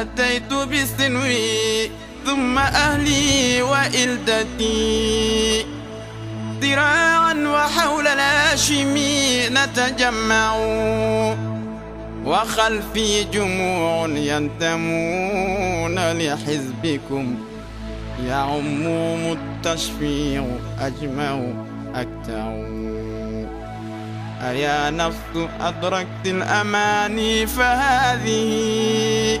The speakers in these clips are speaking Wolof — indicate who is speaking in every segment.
Speaker 1: أتيت بسنوي ثم أهلي وإلدتي ذراعا وحول الهاشمي نتجمع وخلفي جموع ينتمون لحزبكم عموم التشفيع أجمع أكتع أيا نفس أدركت الأماني فهذه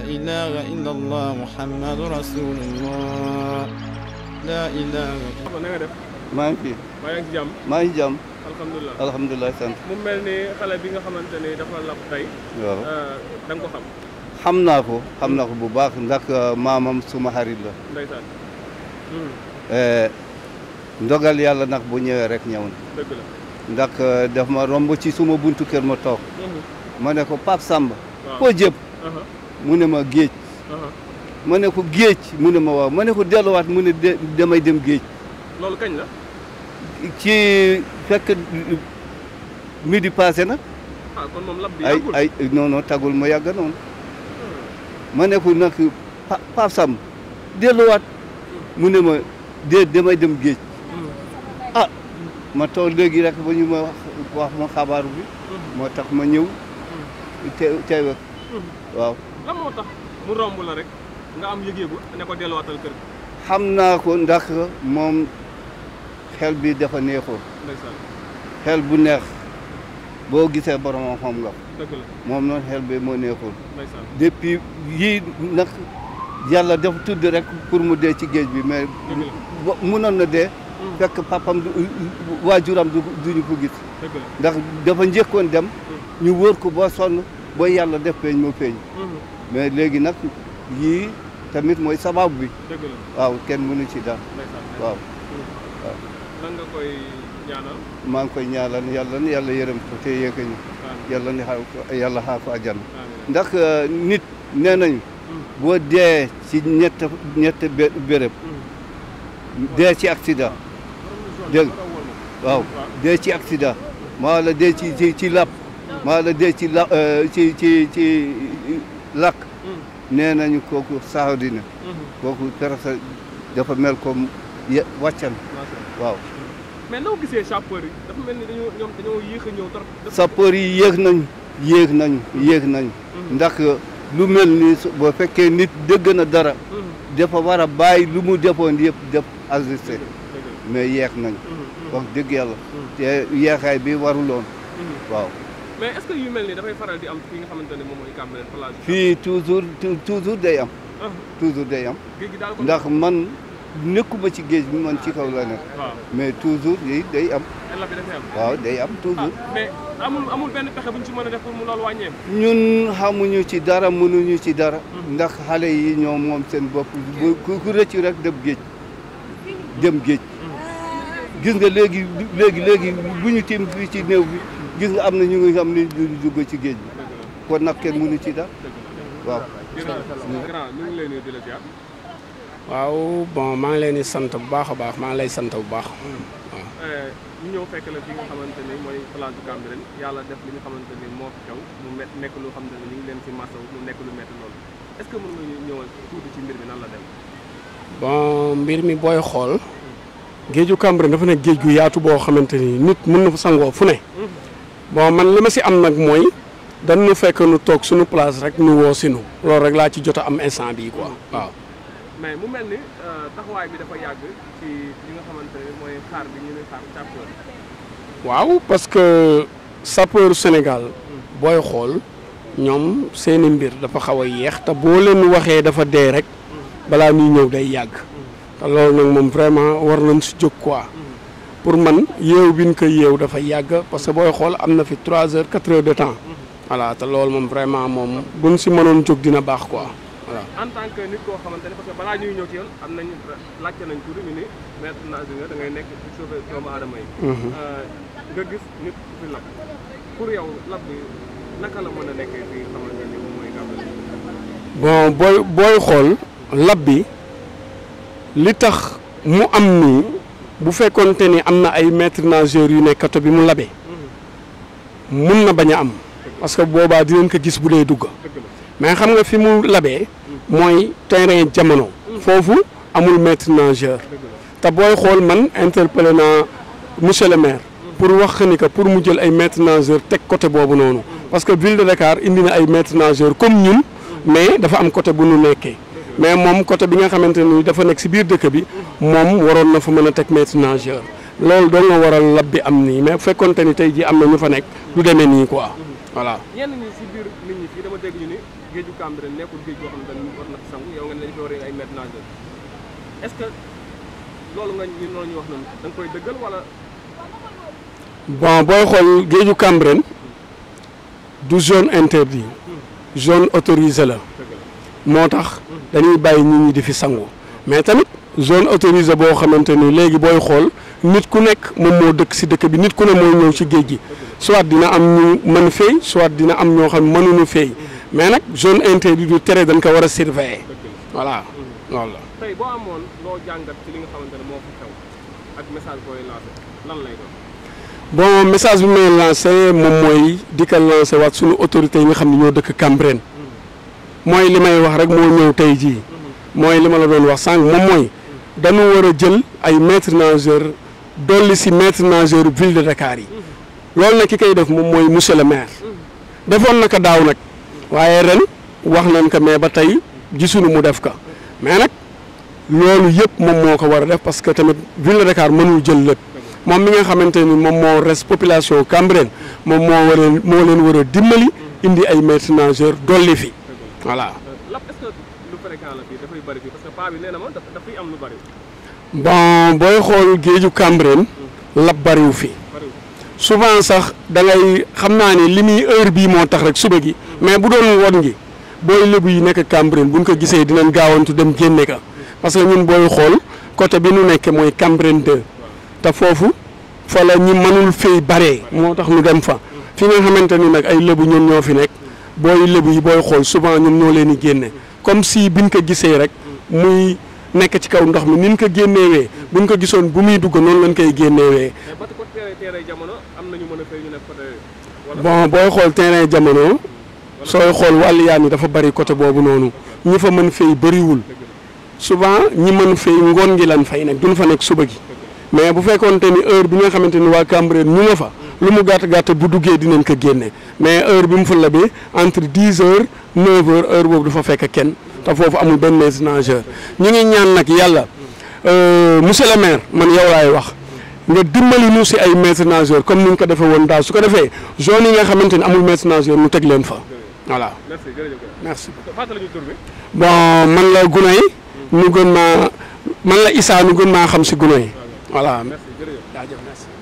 Speaker 1: إله إلا الله محمد
Speaker 2: رسول الله maa ngi jam maa ngi ci jàmm.
Speaker 3: maa mu mel ni xale bi nga xamante ni dafa lab tey. Euh, xam.
Speaker 2: xam naa ko xam naa ko bu baax ndax euh, maamam suma xarit la.
Speaker 3: ndeysaan. Hmm.
Speaker 2: Euh, ndogal yàlla nag bu ñëwee rek ñëw na. dëgg la. ma romb ci suma buntu kër ma toog. Hmm. ma ne ko Pape Samba. waaw koo mu ne ma géej
Speaker 3: uh-huh.
Speaker 2: ma ne ko géej mu ne ma waaw ma ne ko delluwaat mu ne damay dem géej loolu ci fekk midi passé na
Speaker 3: ah kon ay ay
Speaker 2: tagul ma yàgg noonu hmm. ma ne ko nag pasam Pape delluwaat hmm. mu ne ma déet damay dem géej hmm. a ah, ma toog léegi rek ba ñu ma wax ma xabaaru bi moo tax ma ñëw te teewe waaw
Speaker 3: lan moo tax mu romb la rek nga am yëg-yëgu ne ko delluwaatal kër
Speaker 2: xam naa ko ndax moom xel bi dafa neexul. xel bu neex boo gisee boromam xam nga. moom xel bi moo neexul. depuis yii nag yàlla dafa tudd rek pour mu dee ci géej bi mais. mënoon na dee. Mm. fekk papam du waajuram du duñu ko gis. ndax dafa njëkkoon dem. Mm. ñu wóor ko boo sonn. boo yàlla def feeñ ma feeñ mhm. mais léegi nag yii tamit mooy sababu bi waaw kenn mënu ci daal waaw mhm.
Speaker 3: nga koy ñaanal
Speaker 2: maa ngi koy ñaanal yàlla yàlla yërëm ko te yéeka ñu yàlla ni xaa yàlla xaa ko àjjana ndax euh, nit nee nañu mhm. boo dee ci ñett ñett béréb dee ci accident dégg waaw dee ci accident maa la dee ci ci maa la dee ci la euh, ci ci ci lakk mm. nee nañu kooku saaw dina mm-hmm. kooku traçé dafa mel ko wàccan waaw mm-hmm.
Speaker 3: mais noo gisee sapeur yi dafa mel ni dañoo ñoom
Speaker 2: dañoo nañu yéex nañu yéex mm-hmm. ndax lu mel ni boo fekkee nit dëgg na dara dafa war a bàyyi lu mu defoon yëpp def ajusté mais yéex nañu wax dëgg yàlla te yéexaay bi waruloon waaw
Speaker 3: yu mel nii dafay di am fi nga xamante ne moom mooy Cambérène plage.
Speaker 2: fii toujours toujours day am. Ah. toujours day am. ndax man nekkuma ci géej bi man ci kaw la ah. mais toujours yi day am. waaw day am toujours.
Speaker 3: Ah, amul amul benn pexe bu ñu ci mën mu loolu wàññeeku.
Speaker 2: ñun xamuñu ci dara mënuñu ci dara. Mm-hmm. ndax xale yi ñoom moom seen bopp ku ku rek dem géej. dem géej. Mm-hmm. gis nga léegi léegi léegi bu ñu tiim ci néew bi. gis nga am na ñu ngi xam ni duñu jóge ci géej bi ko nag kenn mënu ci dara waaw.
Speaker 4: waaw bon maa ngi leen di sant bu baax a baax maa ngi lay sant bu baax. Mm.
Speaker 3: Eh, ñu ñëw fekk la fi nga xamante ne mooy plage du yàlla def li xamante ne moo fi xew nekk lu xam ne ñu ngi leen ci masawu mu nekk lu métti loolu est-ce que mën mbir mi la
Speaker 4: dem. mbir mi booy xool. géeju Cambérène dafa ne géej gu yaatu boo xamante ni nit mën na fa sangoo fu ne. Mm. bon man lima ci am nak moy dañ nu fekk nu tok suñu place rek nu wo sinu lool rek la ci jotta am instant bi quoi waaw
Speaker 3: mais mu melni euh, taxaway bi dafa yag ci li nga xamantene moy xaar bi ñu ne xaar chapeur
Speaker 4: waaw parce que sapeur sénégal boy xol ñom seen mbir dafa xawa yeex ta bo leen waxe dafa dé rek bala ñu ñew day yag ta lool nak mom vraiment war nañ ci jog quoi pour man yew biñ ko yew dafa yag parce que boy xol amna fi 3 heures 4 heures de temps wala ta lol mom vraiment mom buñ ci mënon jog dina bax quoi wala
Speaker 3: en tant que nit ko xamante parce que bala ñuy ñëw ci yoon am nañ laajte nañ tour ñu ni maître nage da ngay nek ci sauver doom adamay mhm. euh nga gis nit ku fi lab pour yow lab bi naka la mëna a fi fii mom moy
Speaker 4: gabal bon boy boy xol lab bi li tax mu am ni bu fekkoonte ni am na ay maître nageur yu nekk kato bi mu labe mun na bañ a am parce que boobaa dinañ ko gis bu dee dugg mais xam nga fi mu labee mooy terrain jamono foofu amul maître nageur te booy xool man interpellé na monsieur le maire pour wax ni que pour mu jël ay maître nageur teg côté boobu noonu parce que ville de Dakar indi na ay maître nageur comme ñun mais dafa am côté bu nu nekkee mais moom côté bi nga xamante ni dafa nekk si biir dëkk bi moom waroon na fa mën a teg maître nageur loolu doo nga waral lab bi am nii mais bu fekkoonte ni tey jii am na ñu fa nekk du demee nii quoi voilà.
Speaker 3: ñenn ñi si biir nit boo booy
Speaker 4: xool géeju Cambérène du zone interdit zone autorisée la. moo tax dañuy bàyyi ñu ñi di fi sangu mais tamit zone autorisée boo xamante ni léegi booy xool nit ku nekk moom moo dëkk si dëkk bi nit ku ne mooy ñëw ci géej gi soit dina am ñu mën feey soit dina am ñoo xam ne mënuñu feey mais nag zone interdite du tere dañ ko war a surveiller voilà loolu la. tey boo message booy lancé lan lay bi may lancé moom mooy di ko lancé waat suñu autorité yi nga xam ne ñoo dëkk Cambérène. mooy li may wax rek moo ñëw tey jii mooy li ma la doon wax sànq moom mooy dañu war a jël ay maître nageur dolli si maître nageur ville de Dakar yi loolu nag ki koy def moom mooy monsieur le maire defoon na ko daaw nag waaye ren wax nañ ko mais ba tey gisuñu mu def ko mais nag loolu yëpp moom moo ko war a def parce que tamit ville de Dakar mënul jël lépp moom mi nga xamante ni moom moo res population Cambérène moom moo war moo leen war a dimbali indi ay maître nageur dolli fi voilà.
Speaker 3: lap est na am lu bari.
Speaker 4: bon booy xool géeju Cambérène. Hmm. lap bariwu fi. souvent sax da xam naa ni li muy heure bii moo tax rek suba gi. Hmm. mais bu doon won ngi booy lébu yi nekk Cambérène buñ ko gisee dinañ gaawantu dem génne ka parce que ñun booy xool côté bi nu nekk mooy Cambérène 2 hmm. te foofu fa la ñi mënul fay baree moo tax ñu dem fa fi nga xamante ni nag ay lébu ñun ñoo fi nekk. booy lébu yi booy xool souvent ñoom ñoo leen di génne comme si biñ ko gisee rek muy nekk ci kaw ndox mi ni ko génnewee buñ ko gisoon bu muy dugg noonu lañ koy génnewee. bon booy xool terrain jamono hmm. sooy xool wàllu yaan yi dafa bari côté boobu noonu ñi fa mën fay bëriwul souvent ñi mën fay ngoon ngi lan fay du duñ fa nekk suba gi mais bu fekkoon fekkoonte ni heure bi nga xamante ni waa Cambérène ñu nga fa. lu mu gàtt gàtt bu duggee dinañ ko génne mais heure bi mu fa labee entre dix heures neuf heures heure boobu dafa fekk kenn te foofu amul benn nageur ñu ngi ñaan nag yàlla euh, monsieur le maire man yow laay wax nga dimbali ñu si ay maîtres nageurs comme ni ñu ko defee woon daal su ko defee zone yi nga xamante ni amul maître nageur mu teg leen fa voilà. merci jërëjëf merci. bon man la Guney ñu gën maa man la Issa ñu gën maa xam si Guney voilà.